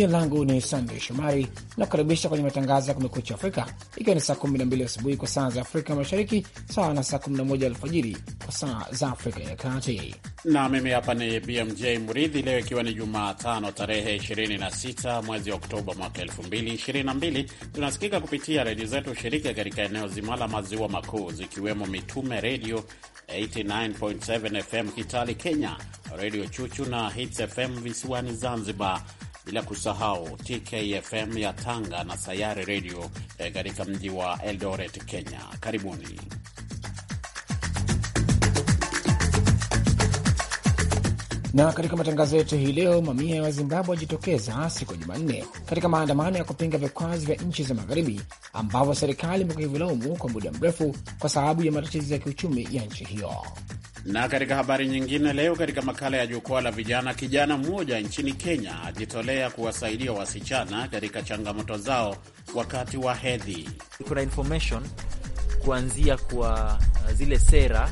Jina langu ni Sandey Shomari na kukaribisha kwenye matangazo ya Kumekucha Afrika, ikiwa ni saa 12 asubuhi kwa saa za Afrika Mashariki, sawa na saa 11 alfajiri kwa saa za Afrika ya Kati. Na mimi hapa ni BMJ mridhi leo ikiwa ni Jumatano tarehe 26 mwezi Oktoba mwaka 2022. Tunasikika kupitia redio zetu shirika katika eneo zima la maziwa makuu, zikiwemo Mitume Redio 89.7 FM kitali Kenya, Redio Chuchu na Hits FM visiwani Zanzibar, bila kusahau TKFM ya Tanga na Sayari Redio eh, katika mji wa Eldoret, Kenya. Karibuni. Na katika matangazo yetu hii leo, mamia ya Wazimbabwe wajitokeza siku ya Jumanne katika maandamano ya kupinga vikwazo vya nchi za magharibi ambavyo serikali imekuwa kwa muda mrefu kwa sababu ya matatizo ya kiuchumi ya nchi hiyo. Na katika habari nyingine leo, katika makala ya jukwaa la vijana, kijana mmoja nchini Kenya ajitolea kuwasaidia wasichana katika changamoto zao wakati wa hedhi. Kuna information kuanzia kwa uh, zile sera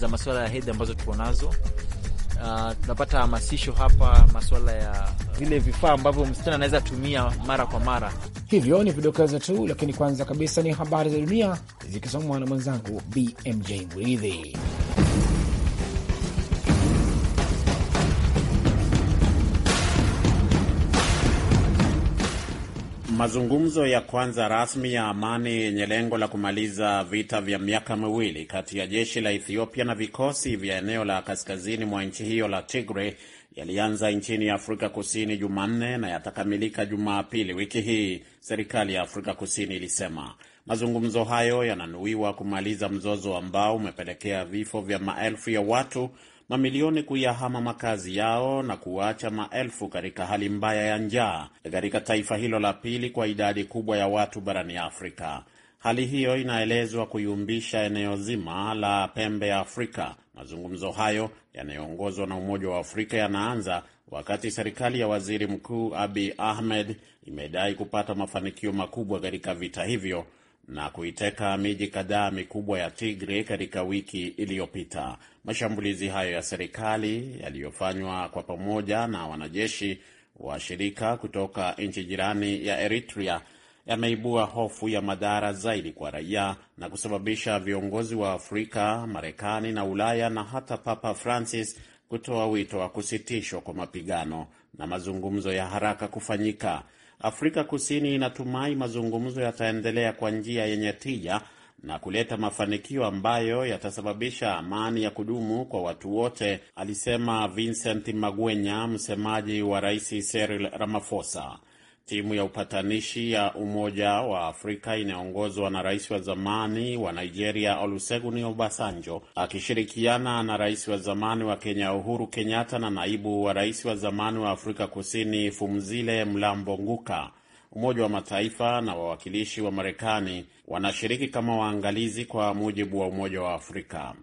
za masuala ya hedhi ambazo tuko nazo. Uh, tunapata hamasisho hapa masuala ya uh, vile vifaa ambavyo msichana anaweza tumia mara kwa mara. Hivyo ni vidokezo tu, lakini kwanza kabisa ni habari za dunia zikisomwa na mwenzangu BMJ Mridhi. Mazungumzo ya kwanza rasmi ya amani yenye lengo la kumaliza vita vya miaka miwili kati ya jeshi la Ethiopia na vikosi vya eneo la kaskazini mwa nchi hiyo la tigre yalianza nchini Afrika Kusini Jumanne na yatakamilika Jumapili wiki hii, serikali ya Afrika Kusini ilisema. Mazungumzo hayo yananuiwa kumaliza mzozo ambao umepelekea vifo vya maelfu ya watu mamilioni kuyahama makazi yao na kuwaacha maelfu katika hali mbaya ya njaa katika taifa hilo la pili kwa idadi kubwa ya watu barani Afrika. Hali hiyo inaelezwa kuyumbisha eneo zima la pembe ya Afrika. Mazungumzo hayo yanayoongozwa na Umoja wa Afrika yanaanza wakati serikali ya waziri mkuu abi Ahmed imedai kupata mafanikio makubwa katika vita hivyo na kuiteka miji kadhaa mikubwa ya tigre katika wiki iliyopita. Mashambulizi hayo ya serikali yaliyofanywa kwa pamoja na wanajeshi wa shirika kutoka nchi jirani ya Eritrea yameibua hofu ya madhara zaidi kwa raia na kusababisha viongozi wa Afrika, Marekani na Ulaya na hata Papa Francis kutoa wito wa kusitishwa kwa mapigano na mazungumzo ya haraka kufanyika. Afrika Kusini inatumai mazungumzo yataendelea kwa njia yenye tija na kuleta mafanikio ambayo yatasababisha amani ya kudumu kwa watu wote, alisema Vincent Magwenya, msemaji wa Rais Cyril Ramaphosa. Timu ya upatanishi ya Umoja wa Afrika inayoongozwa na rais wa zamani wa Nigeria Olusegun Obasanjo akishirikiana na rais wa zamani wa Kenya Uhuru Kenyatta na naibu wa rais wa zamani wa Afrika Kusini Fumzile Mlambo Nguka. Umoja wa Mataifa na wawakilishi wa Marekani wanashiriki kama waangalizi kwa mujibu wa Umoja wa Afrika.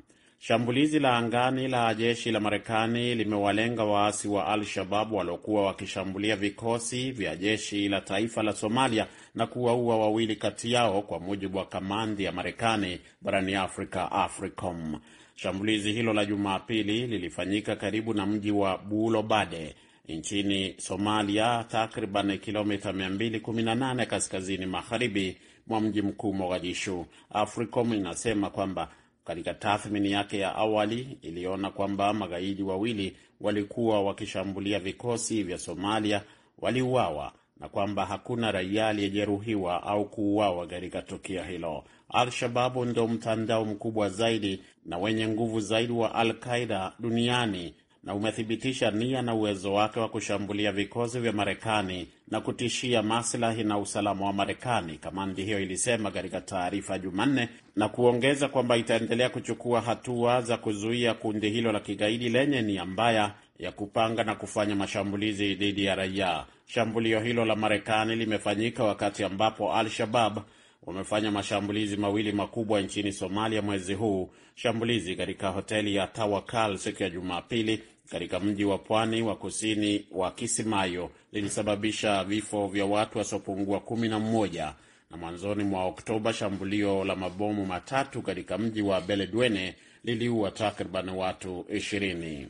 Shambulizi la angani la jeshi la Marekani limewalenga waasi wa Al-Shabab waliokuwa wakishambulia vikosi vya jeshi la taifa la Somalia na kuwaua wawili kati yao, kwa mujibu wa kamandi ya Marekani barani Afrika, AFRICOM. Shambulizi hilo la Jumapili lilifanyika karibu na mji wa Bulobade nchini Somalia, takriban kilomita 218 kaskazini magharibi mwa mji mkuu Mogadishu. AFRICOM inasema kwamba katika tathmini yake ya awali iliona kwamba magaidi wawili walikuwa wakishambulia vikosi vya Somalia waliuawa na kwamba hakuna raia aliyejeruhiwa au kuuawa katika tukio hilo. Al-Shababu ndio mtandao mkubwa zaidi na wenye nguvu zaidi wa Al Qaida duniani na umethibitisha nia na uwezo wake wa kushambulia vikosi vya Marekani na kutishia maslahi na usalama wa Marekani, kamandi hiyo ilisema katika taarifa Jumanne, na kuongeza kwamba itaendelea kuchukua hatua za kuzuia kundi hilo la kigaidi lenye nia mbaya ya kupanga na kufanya mashambulizi dhidi ya raia. Shambulio hilo la Marekani limefanyika wakati ambapo Al-Shabab wamefanya mashambulizi mawili makubwa nchini Somalia mwezi huu, shambulizi katika hoteli ya Tawakal siku ya Jumapili katika mji wa pwani wa kusini wa Kisimayo lilisababisha vifo vya watu wasiopungua kumi na mmoja na mwanzoni mwa Oktoba shambulio la mabomu matatu katika mji wa beledwene liliua takriban watu ishirini.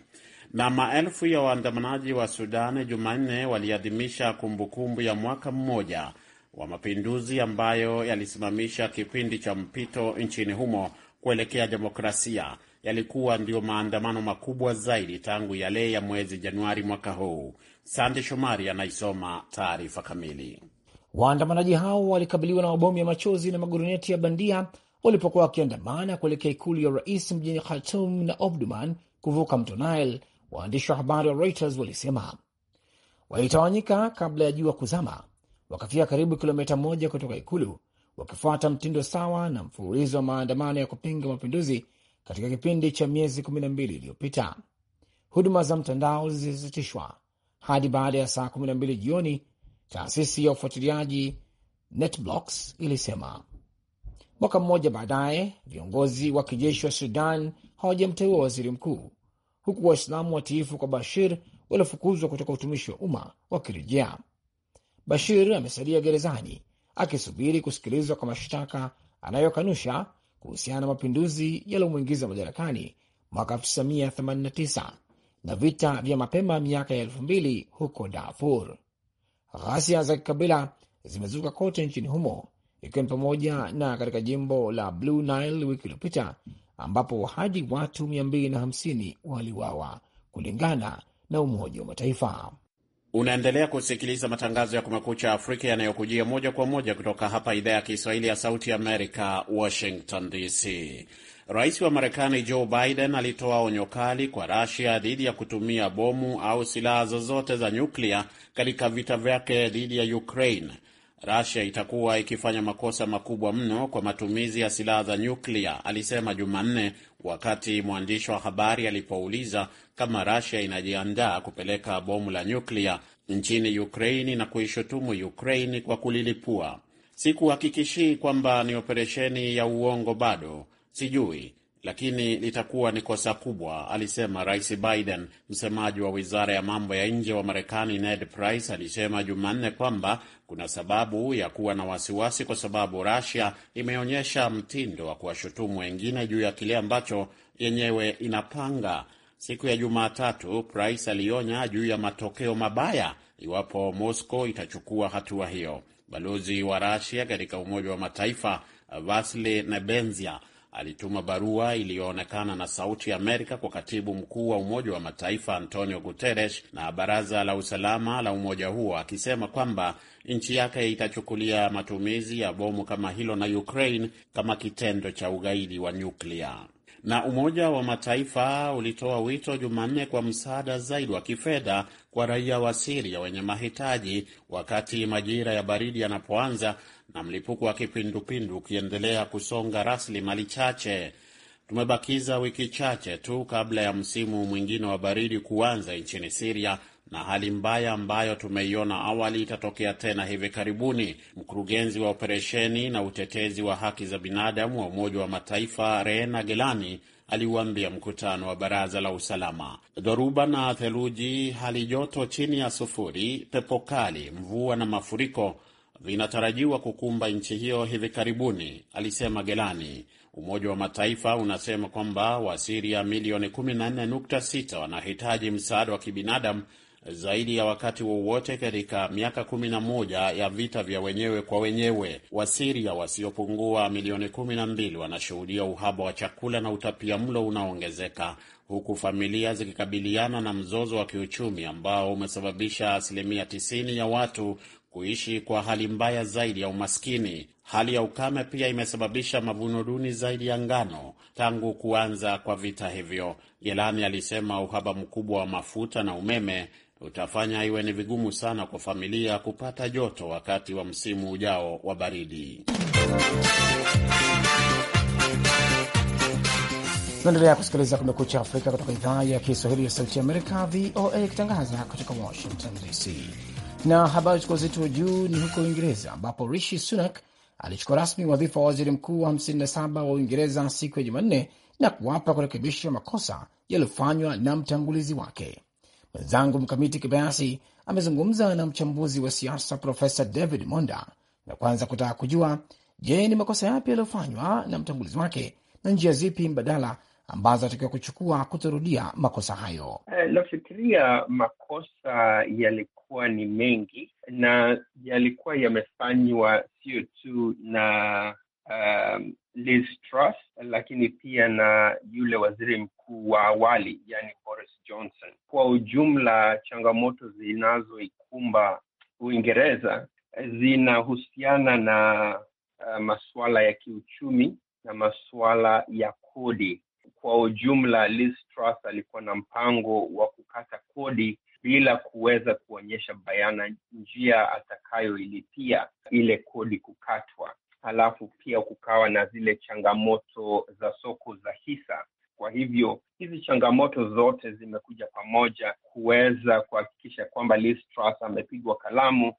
Na maelfu ya waandamanaji wa Sudani Jumanne waliadhimisha kumbukumbu ya mwaka mmoja wa mapinduzi ambayo yalisimamisha kipindi cha mpito nchini humo kuelekea demokrasia yalikuwa ndiyo maandamano makubwa zaidi tangu yale ya mwezi Januari mwaka huu. Sande Shomari anaisoma taarifa kamili. Waandamanaji hao walikabiliwa na mabomu ya machozi na maguruneti ya bandia walipokuwa wakiandamana kuelekea ikulu ya rais mjini Khartum na obduman kuvuka mto Nile. Waandishi wa habari wa Reuters walisema walitawanyika kabla ya jua kuzama, wakafika karibu kilomita moja kutoka ikulu, wakifuata mtindo sawa na mfululizo wa maandamano ya kupinga mapinduzi katika kipindi cha miezi 12 iliyopita. Huduma za mtandao zilisitishwa hadi baada ya saa 12 jioni, taasisi ya ufuatiliaji NetBlocks ilisema. Mwaka mmoja baadaye, viongozi wa kijeshi wa Sudan hawajamteua waziri mkuu, huku Waislamu watiifu kwa Bashir waliofukuzwa kutoka utumishi wa umma wakirejea. Bashir amesalia gerezani akisubiri kusikilizwa kwa mashtaka anayokanusha kuhusiana na mapinduzi yaliyomwingiza madarakani mwaka 1989 na vita vya mapema miaka ya elfu mbili huko Darfur. Ghasia za kikabila zimezuka kote nchini humo, ikiwa ni pamoja na katika jimbo la Blue Nile wiki iliyopita, ambapo hadi watu 250 waliwawa kulingana na Umoja wa Mataifa. Unaendelea kusikiliza matangazo ya Kumekucha Afrika yanayokujia moja kwa moja kutoka hapa idhaa ya Kiswahili ya Sauti Amerika, Washington DC. Rais wa Marekani Joe Biden alitoa onyo kali kwa Rasia dhidi ya kutumia bomu au silaha zozote za nyuklia katika vita vyake dhidi ya Ukraine Russia itakuwa ikifanya makosa makubwa mno kwa matumizi ya silaha za nyuklia, alisema Jumanne wakati mwandishi wa habari alipouliza kama Russia inajiandaa kupeleka bomu la nyuklia nchini Ukraini na kuishutumu Ukraini kwa kulilipua. Sikuhakikishii kwamba ni operesheni ya uongo bado, sijui lakini litakuwa ni kosa kubwa, alisema Rais Biden. Msemaji wa wizara ya mambo ya nje wa Marekani Ned Price alisema Jumanne kwamba kuna sababu ya kuwa na wasiwasi kwa sababu Russia imeonyesha mtindo wa kuwashutumu wengine juu ya kile ambacho yenyewe inapanga. Siku ya Jumatatu, Price alionya juu ya matokeo mabaya iwapo Moscow itachukua hatua hiyo. Balozi wa Russia katika Umoja wa Mataifa Vasily Nebenzia alituma barua iliyoonekana na Sauti ya Amerika kwa katibu mkuu wa Umoja wa Mataifa Antonio Guterres na Baraza la Usalama la umoja huo akisema kwamba nchi yake itachukulia matumizi ya bomu kama hilo na Ukraine kama kitendo cha ugaidi wa nyuklia na Umoja wa Mataifa ulitoa wito Jumanne kwa msaada zaidi wa kifedha kwa raia wa Siria wenye mahitaji wakati majira ya baridi yanapoanza na mlipuko wa kipindupindu ukiendelea kusonga rasilimali chache. Tumebakiza wiki chache tu kabla ya msimu mwingine wa baridi kuanza nchini Siria na hali mbaya ambayo tumeiona awali itatokea tena hivi karibuni. Mkurugenzi wa operesheni na utetezi wa haki za binadamu wa Umoja wa Mataifa Reena Gelani aliuambia mkutano wa Baraza la Usalama, dhoruba na theluji, hali joto chini ya sufuri, pepo kali, mvua na mafuriko vinatarajiwa kukumba nchi hiyo hivi karibuni, alisema Gelani. Umoja wa Mataifa unasema kwamba Wasiria milioni 14.6 wanahitaji msaada wa kibinadamu zaidi ya wakati wowote katika miaka 11 ya vita vya wenyewe kwa wenyewe. Wasiria wasiopungua milioni 12 wanashuhudia uhaba wa chakula na utapia mlo unaoongezeka huku familia zikikabiliana na mzozo wa kiuchumi ambao umesababisha asilimia 90 ya watu kuishi kwa hali mbaya zaidi ya umaskini. Hali ya ukame pia imesababisha mavuno duni zaidi ya ngano tangu kuanza kwa vita hivyo. Jelani alisema uhaba mkubwa wa mafuta na umeme utafanya iwe ni vigumu sana kwa familia kupata joto wakati wa msimu ujao wa baridi. naendelea kusikiliza Kumekucha Afrika kutoka idhaa ya Kiswahili ya Sauti Amerika, VOA, ikitangaza kutoka Washington DC. Na habari chukua uzito wa juu ni huko Uingereza, ambapo Rishi Sunak alichukua rasmi wadhifa wa waziri mkuu wa 57 wa Uingereza siku ya Jumanne na kuwapa kurekebisha makosa yaliyofanywa na mtangulizi wake. Mwenzangu Mkamiti Kibayasi amezungumza na mchambuzi wa siasa Profesa David Monda na kwanza kutaka kujua, je, ni makosa yapi yaliyofanywa na mtangulizi wake na njia zipi mbadala ambazo atakiwa kuchukua kutorudia makosa hayo. Eh, nafikiria makosa yalikuwa ni mengi na yalikuwa yamefanywa sio tu na um, Liz Truss, lakini pia na yule waziri mkuu wa awali, yani Boris Johnson. Kwa ujumla, changamoto zinazoikumba Uingereza zinahusiana na uh, masuala ya kiuchumi na masuala ya kodi. Kwa ujumla, Liz Truss alikuwa na mpango wa kukata kodi bila kuweza kuonyesha bayana njia atakayoilipia ile kodi kukatwa. Halafu pia kukawa na zile changamoto za soko za hisa kwa hivyo hizi changamoto zote zimekuja pamoja kuweza kuhakikisha kwamba Liz Truss amepigwa kalamu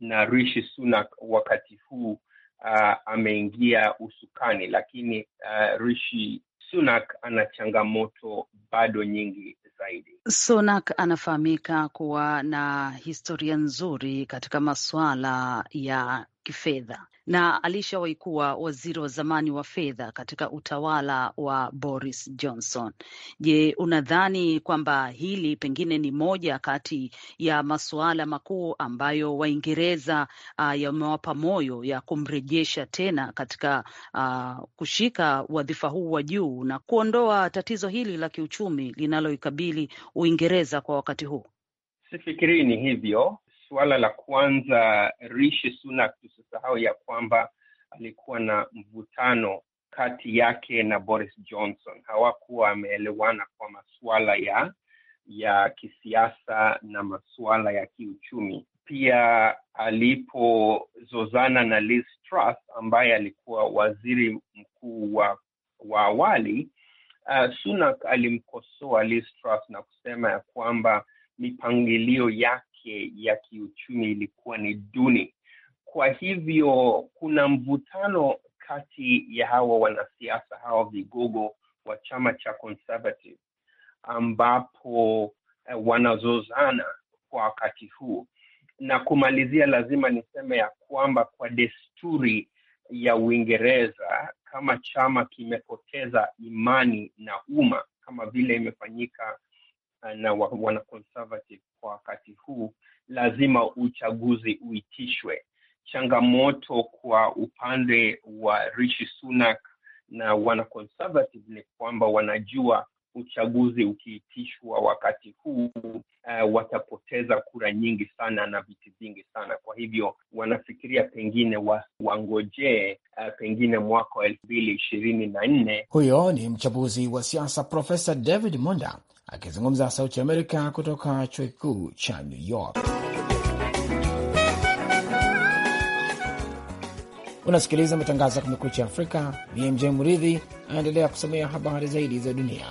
na Rishi Sunak wakati huu uh, ameingia usukani, lakini uh, Rishi Sunak ana changamoto bado nyingi zaidi. Sunak anafahamika kuwa na historia nzuri katika masuala ya kifedha na alishawahi kuwa waziri wa zamani wa fedha katika utawala wa Boris Johnson. Je, unadhani kwamba hili pengine ni moja kati ya masuala makuu ambayo Waingereza uh, yamewapa moyo ya kumrejesha tena katika uh, kushika wadhifa huu wa juu na kuondoa tatizo hili la kiuchumi linaloikabili Uingereza kwa wakati huu? Sifikirii ni hivyo suala la kwanza, Rishi Sunak, tusisahau ya kwamba alikuwa na mvutano kati yake na Boris Johnson. Hawakuwa wameelewana kwa masuala ya ya kisiasa na masuala ya kiuchumi. Pia alipozozana na Liz Truss ambaye alikuwa waziri mkuu wa, wa awali uh, Sunak alimkosoa Liz Truss na kusema ya kwamba mipangilio yake yake ya kiuchumi ilikuwa ni duni. Kwa hivyo kuna mvutano kati ya hawa wanasiasa hawa vigogo wa chama cha Conservative ambapo eh, wanazozana kwa wakati huu. Na kumalizia, lazima niseme ya kwamba kwa desturi ya Uingereza, kama chama kimepoteza imani na umma kama vile imefanyika eh, na wana conservative kwa wakati huu, lazima uchaguzi uitishwe. Changamoto kwa upande wa Rishi Sunak na wana conservative ni kwamba wanajua uchaguzi ukiitishwa wakati huu uh, watapoteza kura nyingi sana na viti vingi sana. Kwa hivyo wanafikiria pengine wa, wangojee uh, pengine mwaka wa elfu mbili ishirini na nne. Huyo ni mchambuzi wa siasa Profesa David Monda akizungumza Sauti Amerika kutoka chuo kikuu cha New York. Unasikiliza matangazo ya Kumekucha Afrika. BMJ Muridhi anaendelea kusomea habari zaidi za dunia.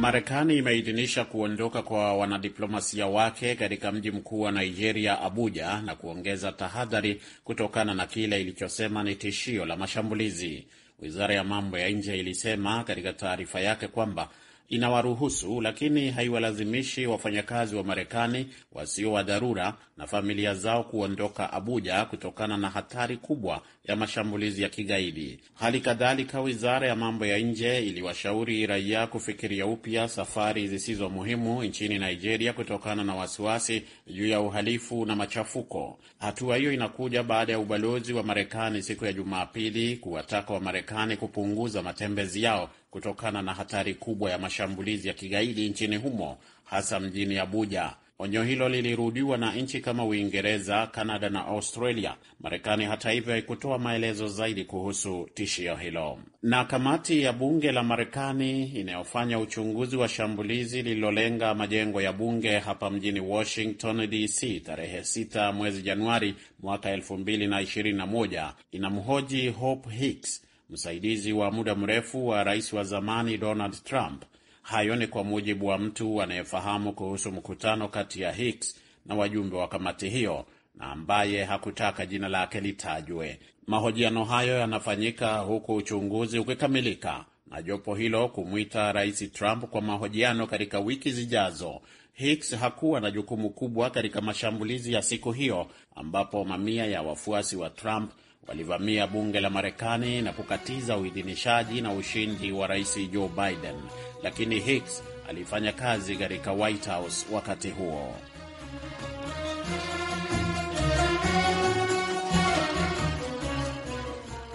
Marekani imeidhinisha kuondoka kwa wanadiplomasia wake katika mji mkuu wa Nigeria, Abuja, na kuongeza tahadhari kutokana na kile ilichosema ni tishio la mashambulizi. Wizara ya mambo ya nje ilisema katika taarifa yake kwamba inawaruhusu lakini haiwalazimishi wafanyakazi wa Marekani wasio wa dharura na familia zao kuondoka Abuja kutokana na hatari kubwa ya mashambulizi ya kigaidi. Hali kadhalika, wizara ya mambo ya nje iliwashauri raia kufikiria upya safari zisizo muhimu nchini Nigeria kutokana na wasiwasi juu ya uhalifu na machafuko. Hatua hiyo inakuja baada ya ubalozi wa Marekani siku ya Jumapili kuwataka Wamarekani kupunguza matembezi yao kutokana na hatari kubwa ya mashambulizi ya kigaidi nchini humo, hasa mjini Abuja. Onyo hilo lilirudiwa na nchi kama Uingereza, Kanada na Australia. Marekani hata hivyo haikutoa maelezo zaidi kuhusu tishio hilo. Na kamati ya bunge la Marekani inayofanya uchunguzi wa shambulizi lililolenga majengo ya bunge hapa mjini Washington DC tarehe 6 mwezi Januari mwaka 2021 inamhoji Hope Hicks msaidizi wa muda mrefu wa rais wa zamani Donald Trump. Hayo ni kwa mujibu wa mtu anayefahamu kuhusu mkutano kati ya Hicks na wajumbe wa kamati hiyo na ambaye hakutaka jina lake litajwe. Mahojiano hayo yanafanyika huku uchunguzi ukikamilika na jopo hilo kumwita rais Trump kwa mahojiano katika wiki zijazo. Hicks hakuwa na jukumu kubwa katika mashambulizi ya siku hiyo ambapo mamia ya wafuasi wa Trump walivamia bunge la Marekani na kukatiza uidhinishaji na ushindi wa rais Joe Biden, lakini Hicks alifanya kazi katika White House wakati huo.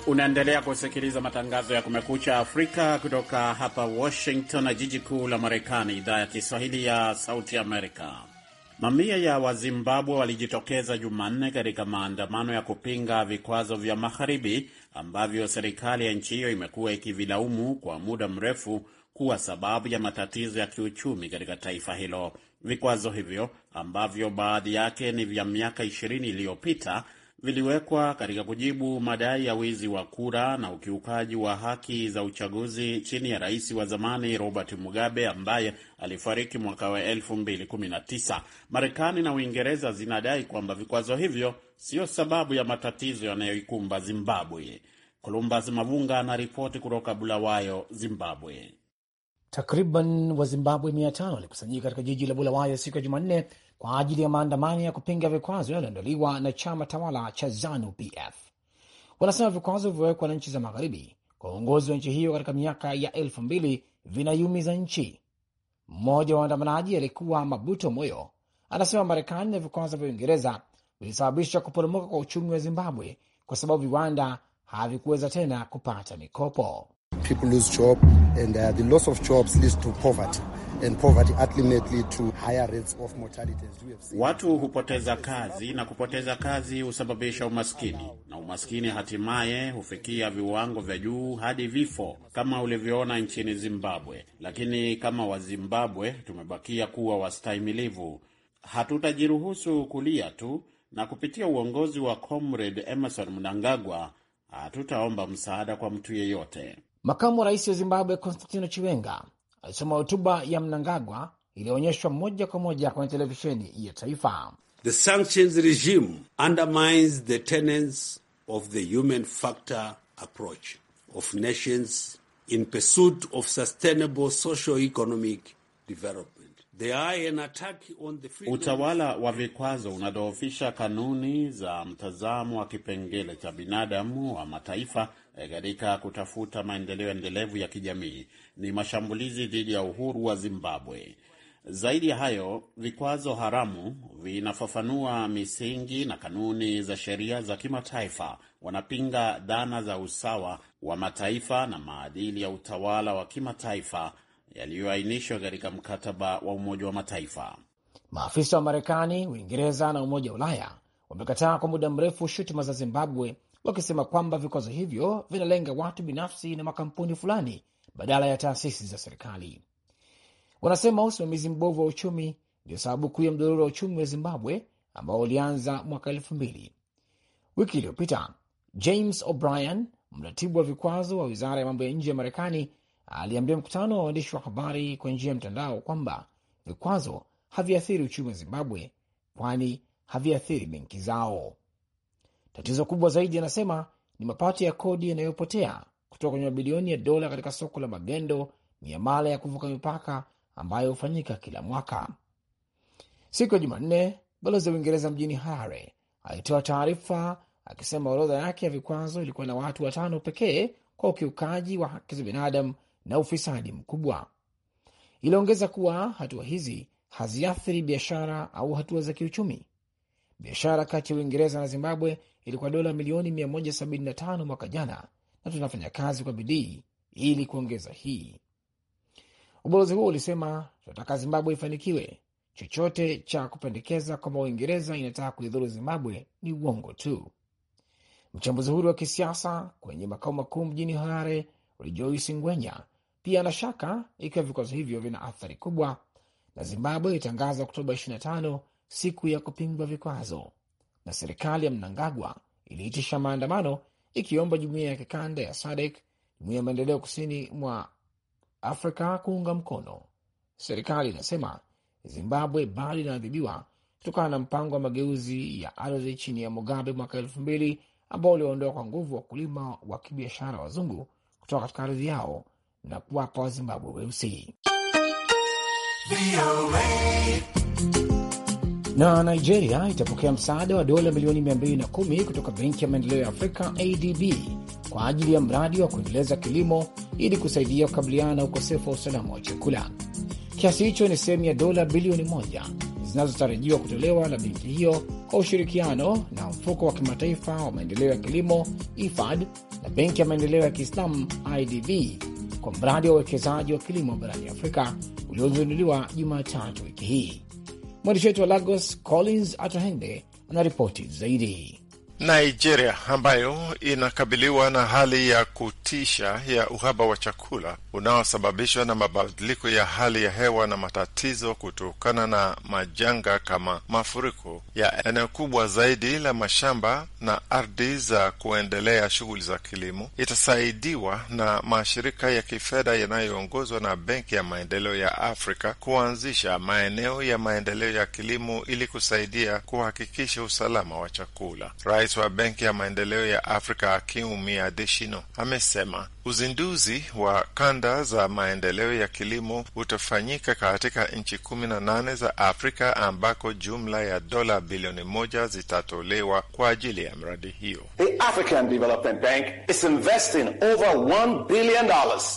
Unaendelea kusikiliza matangazo ya Kumekucha Afrika kutoka hapa Washington na jiji kuu la Marekani, idhaa ya Kiswahili ya Sauti Amerika. Mamia ya Wazimbabwe walijitokeza Jumanne katika maandamano ya kupinga vikwazo vya magharibi ambavyo serikali ya nchi hiyo imekuwa ikivilaumu kwa muda mrefu kuwa sababu ya matatizo ya kiuchumi katika taifa hilo. Vikwazo hivyo ambavyo baadhi yake ni vya miaka ishirini iliyopita viliwekwa katika kujibu madai ya wizi wa kura na ukiukaji wa haki za uchaguzi chini ya rais wa zamani Robert Mugabe ambaye alifariki mwaka wa 2019. Marekani na Uingereza zinadai kwamba vikwazo hivyo siyo sababu ya matatizo yanayoikumba Zimbabwe. Columbus Mavunga anaripoti kutoka Bulawayo, Zimbabwe. Takriban Wazimbabwe mia tano walikusanyika katika jiji la Bulawayo siku ya Jumanne kwa ajili ya maandamano ya kupinga vikwazo yanayoandaliwa na chama tawala cha ZANU-PF. Wanasema vikwazo vilivyowekwa na nchi za magharibi kwa uongozi wa nchi hiyo katika miaka ya elfu mbili vinayumiza nchi. Mmoja wa waandamanaji alikuwa Mabuto Moyo anasema Marekani na vikwazo vya Uingereza vilisababisha kuporomoka kwa uchumi wa Zimbabwe kwa sababu viwanda havikuweza tena kupata mikopo people lose job and uh, the loss of jobs leads to poverty and poverty ultimately to higher rates of mortality. Watu hupoteza kazi na kupoteza kazi husababisha umaskini na umaskini hatimaye hufikia viwango vya juu hadi vifo kama ulivyoona nchini Zimbabwe. Lakini kama Wazimbabwe tumebakia kuwa wastahimilivu, hatutajiruhusu kulia tu, na kupitia uongozi wa Comrade Emerson Mnangagwa hatutaomba msaada kwa mtu yeyote. Makamu wa rais wa Zimbabwe Constantino Chiwenga alisoma hotuba ya Mnangagwa iliyoonyeshwa moja kwa moja kwenye televisheni ya taifa. The sanctions regime undermines the tenets of the human factor approach of nations in pursuit of sustainable socio-economic development. Utawala wa vikwazo unadhoofisha kanuni za mtazamo wa kipengele cha binadamu wa mataifa eh, katika kutafuta maendeleo endelevu ya kijamii. Ni mashambulizi dhidi ya uhuru wa Zimbabwe. Zaidi ya hayo, vikwazo haramu vinafafanua misingi na kanuni za sheria za kimataifa, wanapinga dhana za usawa wa mataifa na maadili ya utawala wa kimataifa yaliyoainishwa katika mkataba wa Umoja wa Mataifa. Maafisa wa Marekani, Uingereza na Umoja wa Ulaya wamekataa kwa muda mrefu shutuma za Zimbabwe, wakisema kwamba vikwazo hivyo vinalenga watu binafsi na makampuni fulani badala ya taasisi za serikali. Wanasema usimamizi mbovu wa uchumi ndio sababu kuu ya mdororo wa uchumi wa Zimbabwe ambao ulianza mwaka elfu mbili. Wiki iliyopita James O'Brien, mratibu wa vikwazo wa wizara ya mambo ya nje ya Marekani, aliambia mkutano wa waandishi wa habari kwa njia ya mtandao kwamba vikwazo haviathiri uchumi wa Zimbabwe kwani haviathiri benki zao. Tatizo kubwa zaidi, anasema, ni mapato ya kodi yanayopotea kutoka kwenye mabilioni ya dola katika soko la magendo, miamala ya kuvuka mipaka ambayo hufanyika kila mwaka. Siku ya Jumanne, balozi wa Uingereza mjini Harare alitoa taarifa akisema orodha yake ya vikwazo ilikuwa na watu watano pekee kwa ukiukaji wa haki za binadamu na ufisadi mkubwa. Iliongeza kuwa hatua hizi haziathiri biashara au hatua za kiuchumi. Biashara kati ya Uingereza na Zimbabwe ilikuwa dola milioni 175 mwaka jana, na tunafanya kazi kwa bidii ili kuongeza hii. Ubalozi huo ulisema, tunataka Zimbabwe ifanikiwe. Chochote cha kupendekeza kwamba Uingereza inataka kuidhuru Zimbabwe ni uongo tu. Mchambuzi huru wa kisiasa kwenye makao makuu mjini Harare, Rejoice Ngwenya pia na shaka ikiwa vikwazo hivyo vina athari kubwa, na Zimbabwe ilitangaza Oktoba 25 siku ya kupingwa vikwazo, na serikali ya Mnangagwa iliitisha maandamano ikiomba jumuiya ya kikanda ya SADC, jumuiya ya maendeleo kusini mwa Afrika kuunga mkono. Serikali inasema Zimbabwe bado inaadhibiwa kutokana na mpango wa mageuzi ya ardhi chini ya Mugabe mwaka elfu mbili ambao ulioondoa kwa nguvu wakulima wa kibiashara wazungu kutoka katika ardhi yao na kwa Wazimbabwe weusi. Na Nigeria itapokea msaada wa dola milioni 210 kutoka Benki ya Maendeleo ya Afrika ADB kwa ajili ya mradi wa kuendeleza kilimo ili kusaidia kukabiliana na ukosefu wa usalama wa chakula. Kiasi hicho ni sehemu ya dola bilioni moja zinazotarajiwa kutolewa na benki hiyo kwa ushirikiano na mfuko wa kimataifa wa maendeleo ya kilimo IFAD na benki ya maendeleo ya Kiislamu IDB kwa mradi wa uwekezaji wa kilimo barani Afrika uliozinduliwa Jumatatu wiki hii. Mwandishi wetu wa Lagos, Collins Atohengbe, anaripoti zaidi. Nigeria ambayo inakabiliwa na hali ya kutisha ya uhaba wa chakula unaosababishwa na mabadiliko ya hali ya hewa na matatizo kutokana na majanga kama mafuriko ya eneo kubwa zaidi la mashamba na ardhi za kuendelea shughuli za kilimo itasaidiwa na mashirika ya kifedha yanayoongozwa na Benki ya Maendeleo ya Afrika kuanzisha maeneo ya maendeleo ya kilimo ili kusaidia kuhakikisha usalama wa chakula. Rais wa Benki ya Maendeleo ya Afrika Akinwumi Adesina Amesema Uzinduzi wa kanda za maendeleo ya kilimo utafanyika katika nchi kumi na nane za Afrika ambako jumla ya dola bilioni moja zitatolewa kwa ajili ya mradi hiyo. The African Development Bank is investing over $1 billion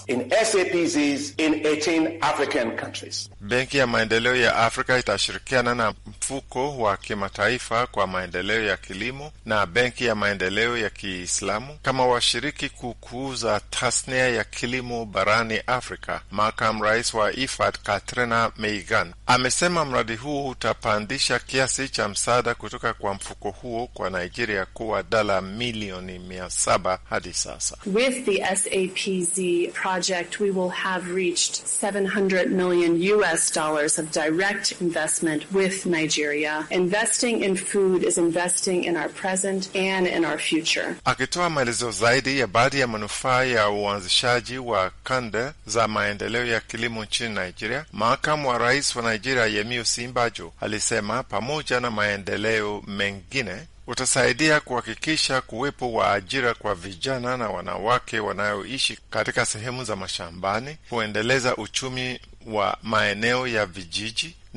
in SAPZs in 18 African countries. Benki ya maendeleo ya Afrika itashirikiana na mfuko wa kimataifa kwa maendeleo ya kilimo na benki ya maendeleo ya Kiislamu kama washiriki kukuza tasnia ya kilimo barani Afrika, makamu rais wa IFAD Katrina Meigan amesema mradi huu utapandisha kiasi cha msaada kutoka kwa mfuko huo kwa Nigeria kuwa dola milioni mia saba hadi sasa. With the SAPZ project, we will have reached 700 million US dollars of direct investment with Nigeria. Investing in food is investing in our present and in our future. Akitoa maelezo zaidi ya baadhi ya manufaa ya uanzishaji wa kanda za maendeleo ya kilimo nchini Nigeria, makamu wa rais wa Nigeria Yemi Osinbajo alisema pamoja na maendeleo mengine utasaidia kuhakikisha kuwepo wa ajira kwa vijana na wanawake wanayoishi katika sehemu za mashambani, kuendeleza uchumi wa maeneo ya vijiji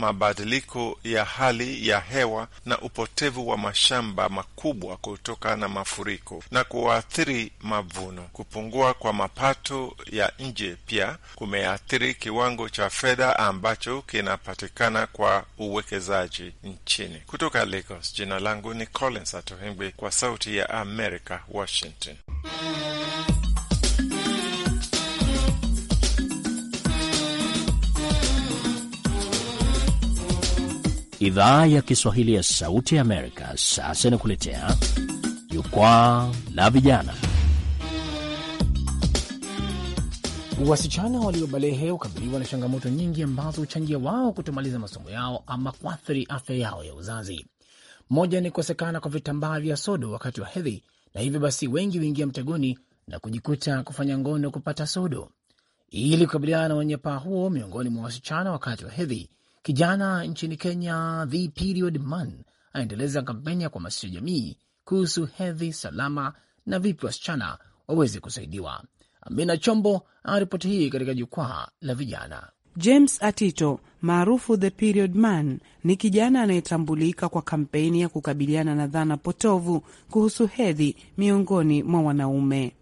mabadiliko ya hali ya hewa na upotevu wa mashamba makubwa kutoka na mafuriko na kuathiri mavuno. Kupungua kwa mapato ya nje pia kumeathiri kiwango cha fedha ambacho kinapatikana kwa uwekezaji nchini. Kutoka Lagos, jina langu ni Collins Atohengwi, kwa Sauti ya Amerika, Washington. Idhaa ya Kiswahili ya Sauti ya Amerika sasa inakuletea jukwaa la vijana. Wasichana waliobalehe hukabiliwa na changamoto nyingi ambazo huchangia wao kutomaliza masomo yao ama kuathiri afya yao ya uzazi. Moja ni kukosekana kwa vitambaa vya sodo wakati wa hedhi, na hivyo basi wengi huingia mtegoni na kujikuta kufanya ngono kupata sodo. Ili kukabiliana na unyanyapaa huo miongoni mwa wasichana wakati wa hedhi, Kijana nchini Kenya The Period Man anaendeleza kampeni ya kuhamasisha jamii kuhusu hedhi salama na vipi wasichana waweze kusaidiwa. Amina Chombo anaripoti hii katika jukwaa la vijana. James Atito maarufu The Period Man ni kijana anayetambulika kwa kampeni ya kukabiliana na dhana potovu kuhusu hedhi miongoni mwa wanaume.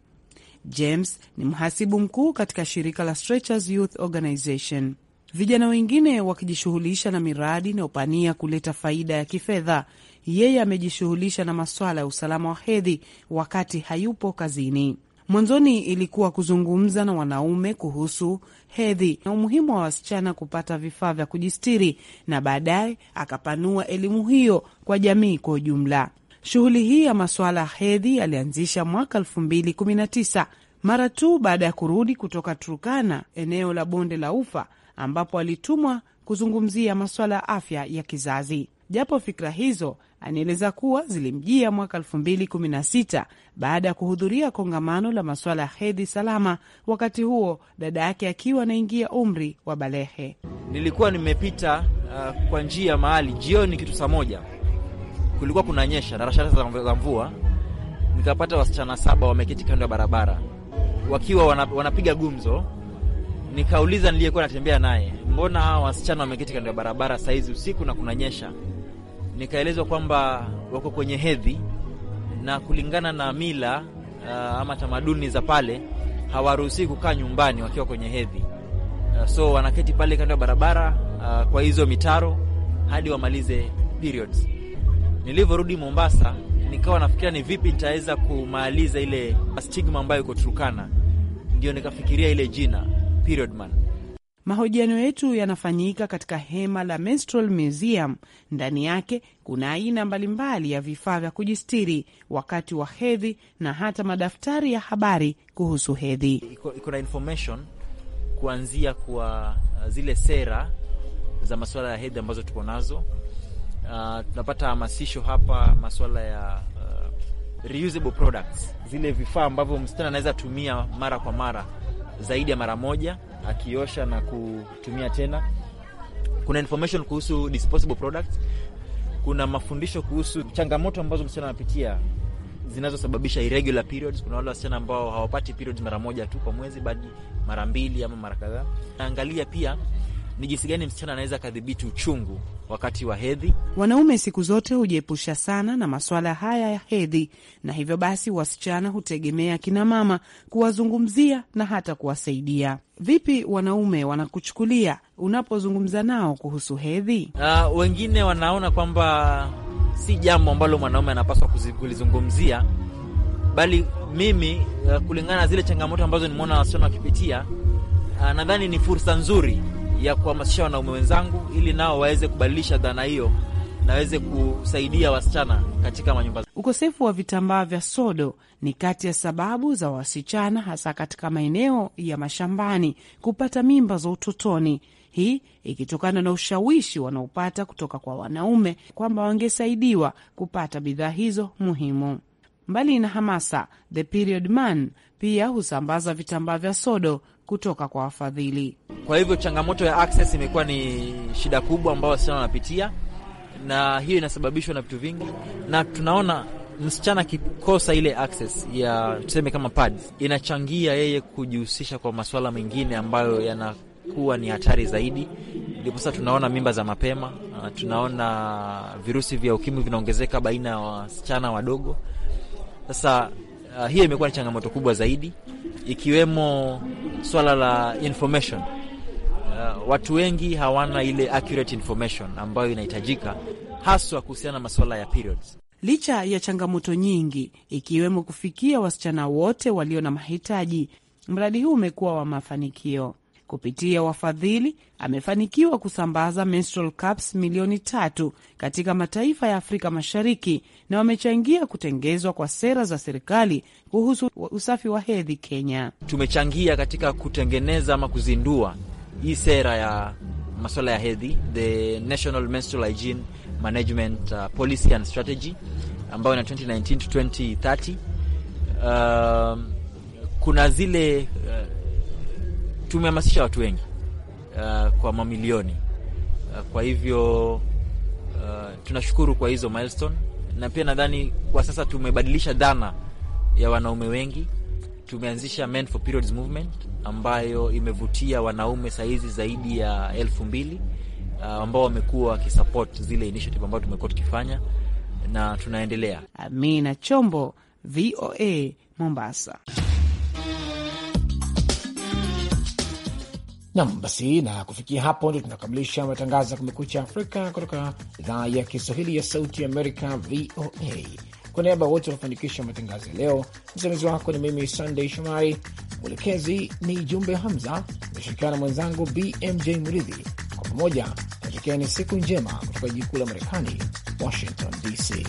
James ni mhasibu mkuu katika shirika la Stretchers Youth Organization vijana wengine wakijishughulisha na miradi inayopania kuleta faida ya kifedha. Yeye amejishughulisha na masuala ya usalama wa hedhi wakati hayupo kazini. Mwanzoni ilikuwa kuzungumza na wanaume kuhusu hedhi na umuhimu wa wasichana kupata vifaa vya kujistiri, na baadaye akapanua elimu hiyo kwa jamii kwa ujumla. Shughuli hii ya masuala ya hedhi alianzisha mwaka elfu mbili tisa mara tu baada ya kurudi kutoka Turkana, eneo la bonde la Ufa ambapo alitumwa kuzungumzia masuala ya afya ya kizazi. Japo fikra hizo anaeleza kuwa zilimjia mwaka 2016 baada ya kuhudhuria kongamano la masuala ya hedhi salama, wakati huo dada yake akiwa anaingia umri wa balehe. Nilikuwa nimepita uh, kwa njia mahali jioni kitu saa moja, kulikuwa kunanyesha na rashasha za mvua, nikapata wasichana saba wameketi kando ya barabara wakiwa wanapiga gumzo nikauliza niliyekuwa natembea naye, mbona hawa wasichana wameketi kando ya barabara saizi usiku na kunanyesha? Nikaelezwa kwamba wako kwenye hedhi na kulingana na mila uh, ama tamaduni za pale hawaruhusi kukaa nyumbani wakiwa kwenye hedhi uh, so wanaketi pale kando ya barabara uh, kwa hizo mitaro hadi wamalize periods. Nilivyorudi Mombasa, nikawa nafikiria ni vipi nitaweza kumaliza ile stigma ambayo iko Turkana, ndio nikafikiria ile jina period man. Mahojiano yetu yanafanyika katika hema la Menstrual Museum. Ndani yake kuna aina mbalimbali ya vifaa vya kujistiri wakati wa hedhi na hata madaftari ya habari kuhusu hedhi. na information kuanzia kwa uh, zile sera za masuala ya hedhi ambazo tuko nazo. Uh, tunapata hamasisho hapa masuala ya uh, reusable products, zile vifaa ambavyo msichana anaweza tumia mara kwa mara zaidi ya mara moja, akiosha na kutumia tena. Kuna information kuhusu disposable products, kuna mafundisho kuhusu changamoto ambazo msichana anapitia zinazosababisha irregular periods. Kuna wale wasichana ambao hawapati periods mara moja tu kwa mwezi, bali mara mbili ama mara kadhaa. Naangalia pia ni jinsi gani msichana anaweza akadhibiti uchungu wakati wa hedhi. Wanaume siku zote hujiepusha sana na maswala haya ya hedhi, na hivyo basi wasichana hutegemea kinamama kuwazungumzia na hata kuwasaidia. Vipi wanaume wanakuchukulia unapozungumza nao kuhusu hedhi? Uh, wengine wanaona kwamba si jambo ambalo mwanaume anapaswa kulizungumzia, bali mimi eh, kulingana na zile changamoto ambazo nimeona wasichana wakipitia, uh, nadhani ni fursa nzuri ya kuhamasisha wanaume wenzangu ili nao waweze kubadilisha dhana hiyo naweze kusaidia wasichana katika manyumba. Ukosefu wa vitambaa vya sodo ni kati ya sababu za wasichana hasa katika maeneo ya mashambani kupata mimba za utotoni, hii ikitokana na ushawishi wanaopata kutoka kwa wanaume kwamba wangesaidiwa kupata bidhaa hizo muhimu. Mbali na hamasa, The Period Man pia husambaza vitambaa vya sodo kutoka kwa wafadhili. Kwa hivyo changamoto ya access imekuwa ni shida kubwa ambayo wasichana wanapitia, na hiyo inasababishwa na vitu vingi, na tunaona msichana akikosa ile access ya tuseme kama pads, inachangia yeye kujihusisha kwa masuala mengine ambayo yanakuwa ni hatari zaidi. Ndipo sasa tunaona mimba za mapema, tunaona virusi vya ukimwi vinaongezeka baina ya wasichana wadogo. Sasa Uh, hiyo imekuwa ni changamoto kubwa zaidi, ikiwemo swala la information. Uh, watu wengi hawana ile accurate information ambayo inahitajika haswa kuhusiana na masuala ya periods. Licha ya changamoto nyingi ikiwemo kufikia wasichana wote walio na mahitaji, mradi huu umekuwa wa mafanikio kupitia wafadhili amefanikiwa kusambaza menstrual cups milioni tatu katika mataifa ya Afrika Mashariki na wamechangia kutengezwa kwa sera za serikali kuhusu usafi wa hedhi Kenya. Tumechangia katika kutengeneza ama kuzindua hii sera ya masuala ya hedhi, the National Menstrual Hygiene Management uh, Policy and Strategy ambayo na 2019 to 2030. Uh, um, kuna zile uh, tumehamasisha watu wengi uh, kwa mamilioni uh, kwa hivyo uh, tunashukuru kwa hizo milestone, na pia nadhani kwa sasa tumebadilisha dhana ya wanaume wengi. Tumeanzisha Men for Periods Movement ambayo imevutia wanaume sahizi zaidi ya elfu mbili uh, ambao wamekuwa wakisupport zile initiative ambayo tumekuwa tukifanya na tunaendelea. Amina Chombo, VOA Mombasa. Nam basi, na kufikia hapo ndio tunakamilisha matangazo ya Kumekucha Afrika kutoka idhaa ya Kiswahili ya Sauti Amerika, VOA. Kwa niaba wote wanafanikisha matangazo ya leo, msimamizi wako ni mimi Sandey Shomari, mwelekezi ni Jumbe Hamza, imeshirikiana na mwenzangu BMJ Muridhi. Kwa pamoja ni siku njema kutoka jiji kuu la Marekani, Washington DC.